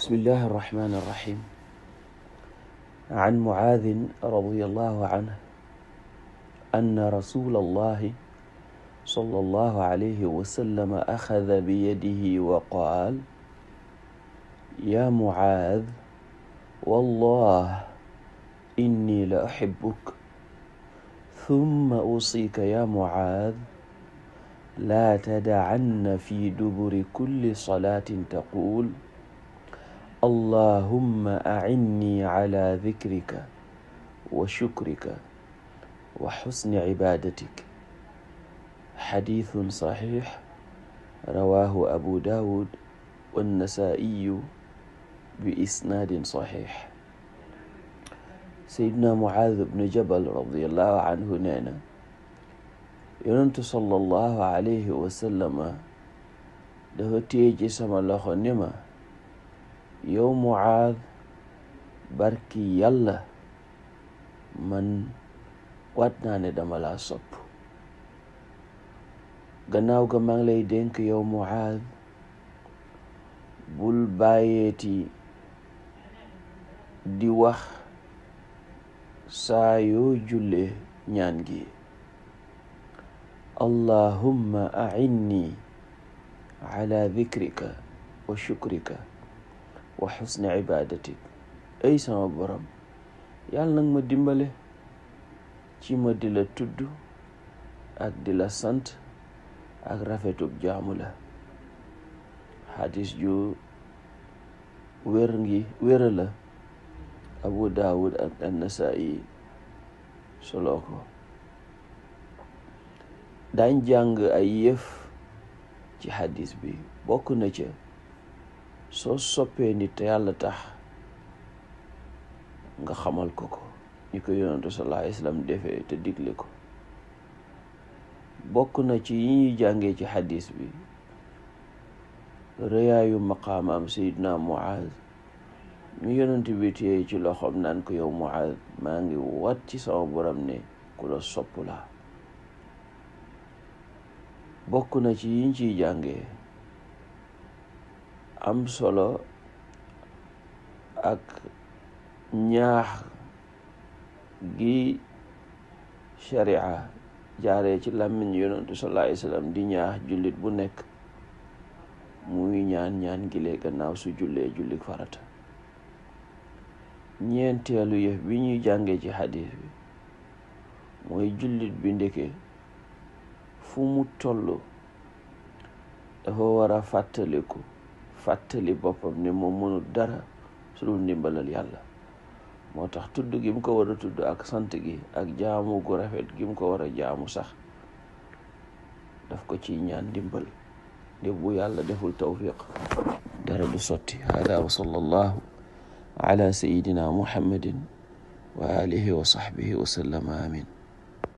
بسم الله الرحمن الرحيم عن معاذ رضي الله عنه أن رسول الله صلى الله عليه وسلم أخذ بيده وقال يا معاذ والله إني لأحبك ثم أوصيك يا معاذ لا تدعن في دبر كل صلاة تقول allahumma a'inni ala dhikrika wa shukrika wa xusni cibaadatik xadiisun saxiix rawaahu abu daawud wannasaa'iyu bi isnaadin saxiix sayyidina mucaad ibnu jabal radiallahu anhu nee na yonentu sallallahu alayhi wasallama dafa téye ci sama loxo ni ma yow Mucaad barki yàlla man waat naa ne dama laa sopp gannaaw ga maa lay dénk yow Mucaad bul bàyyeeti di wax saa yoo julle ñaan gi allahumma ainni ala dikrika wa shukrika wa xusne ibadatik ay sama borom yàlla nag ma dimbale ci ma di la tudd ak di la sant ak rafetub jaamu la xadis ju wér ngi wér la abu daawud ak annasaa'i solo ko daañ jàng ay yëf ci xadis bi bokk na ca soo soppee nit te yàlla tax nga xamal ko ko ñi ko yonantu sallallahu alayhi wasallam defee te digle ko bokk na ci yi ñuy jàngee ci xadis bi rëyaayu maqaamaam sayidna Muaz mi yonent bi téye ci loxoom naan ko yow Muaz maa ngi wat ci sama borom ne ku la sopp la bokk na ci yiñ ciy jàngee am solo ak ñaax gi sharia jaare ci làmmiñ yonentu sallallahu alayhi di ñaax jullit bu nekk muy ñaan ñaan gilee gannaaw su jullee jullik farata ñeenteelu yëf bi ñuy jànge ci xadis bi mooy jullit bi ndeke fu mu toll dafa war a fàttaliku fàttali boppam ni moom mënul dara su dul ndimbalal yàlla moo tax tudd gi mu ko war a tudd ak sant gi ak jaamu gu rafet gi mu ko war a jaamu sax daf ko ci ñaan ndimbal ndé bu yàlla deful tawfiq dara du sotti hada wa sallallahu ala sayidina muhammadin wa alihi wa amin